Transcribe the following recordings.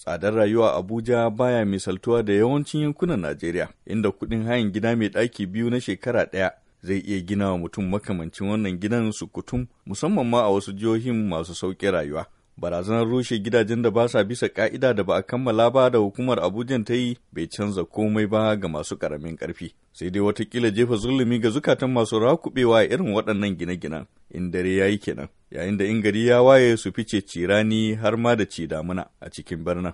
Tsadar rayuwa Abuja baya misaltuwa da yawancin yankunan Najeriya, inda kuɗin hayan gida mai ɗaki biyu na shekara ɗaya zai iya gina wa mutum makamancin wannan gidan sukutum musamman ma a wasu jihohin masu sauƙi rayuwa. barazanar rushe gidajen da ba sa bisa ka'ida da ba a kammala ba da hukumar abuja ta yi bai canza komai ba ga masu karamin karfi sai dai watakila jefa zulumi ga zukatan masu rakubewa irin waɗannan gine-ginen in dare ya yi kenan yayin da in gari ya waye su fice cirani har ma da ci damuna a cikin birnin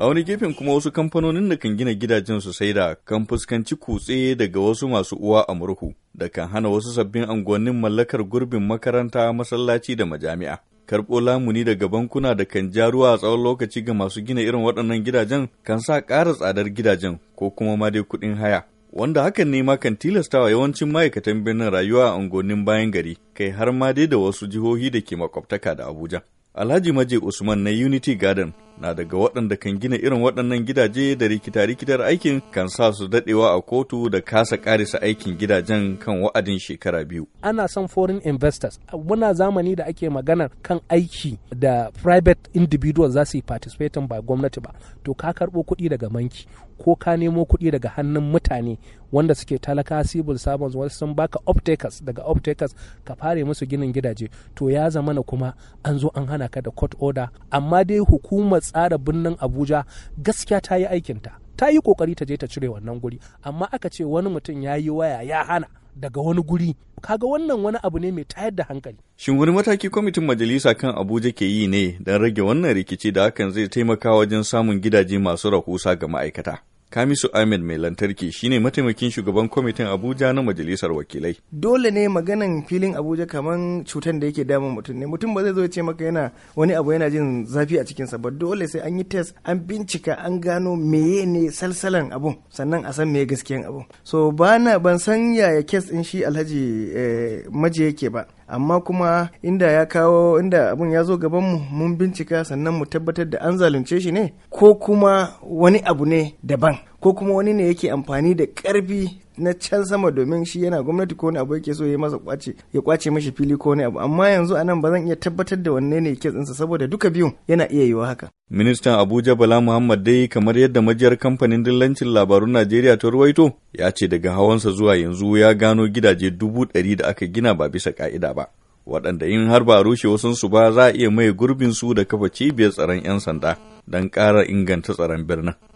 A wani gefen kuma wasu kamfanonin da kan gina gidajen su saida kan fuskanci kutse daga wasu masu uwa a murhu da kan hana wasu sabbin anguwannin mallakar gurbin makaranta, masallaci da majami'a. Karɓo lamuni daga bankuna da kan ja ruwa a tsawon lokaci ga masu gina irin waɗannan gidajen kan sa ƙara tsadar gidajen ko kuma ma dai kuɗin haya. wanda hakan ne ma kan tilastawa yawancin ma'aikatan birnin rayuwa a unguwannin bayan gari kai har ma dai da wasu jihohi da ke makwabtaka da Abuja. Alhaji Maje Usman na Unity Garden na daga waɗanda kan gina irin waɗannan gidaje da rikita-rikitar aikin kan sa su daɗewa a kotu da kasa ƙarisa aikin gidajen kan wa'adin shekara biyu. Ana son foreign investors muna zamani da ake magana kan aiki da private individuals za su yi participating by gwamnati ba to ka karɓo kuɗi daga banki ko ka nemo kuɗi daga hannun mutane wanda suke talaka civil servants wasu sun baka optakers daga optakers ka fare musu ginin gidaje to ya zamana kuma an zo an hana ka da court order amma dai hukumar tsara birnin abuja gaskiya ta yi aikinta ta yi kokari ta je ta cire wannan guri amma aka ce wani mutum ya yi waya ya hana daga wani guri kaga wannan wani abu ne mai tayar da hankali shin wani mataki kwamitin majalisa kan abuja ke yi ne don rage wannan rikici da hakan zai taimaka wajen samun gidaje masu rahusa ga ma'aikata Kamisu Ahmed mai lantarki shine mataimakin shugaban kwamitin Abuja na majalisar wakilai. Dole ne maganan filin Abuja kamar cutar da yake damun mutum ne. Mutum ba zai zo ya ce maka yana wani abu yana jin zafi a cikinsa ba dole sai an yi test an bincika an gano meye ne salsalan abun sannan a san meye gaskiyan abun. So bana ban san yaya kes in shi Alhaji eh, Maje yake ba. amma kuma inda ya kawo inda abun ya zo gaban mu mun bincika sannan mu tabbatar da an zalunce shi ne ko kuma wani abu ne daban ko kuma wani ne yake amfani da karfi na can sama domin shi yana gwamnati ko wani abu yake so ya masa kwace ya kwace mashi fili ko wani abu amma yanzu a nan ba zan iya tabbatar da wanne ne yake tsinsa saboda duka biyun yana iya yiwa haka ministan abuja bala muhammad dai kamar yadda majiyar kamfanin dillancin labarun najeriya ta ruwaito ya ce daga hawansa zuwa yanzu ya gano gidaje dubu ɗari da aka gina ba bisa ka'ida ba waɗanda in har ba rushe su ba za a iya maye gurbin su da kafa cibiyar tsaron 'yan sanda don ƙara inganta tsaron birnin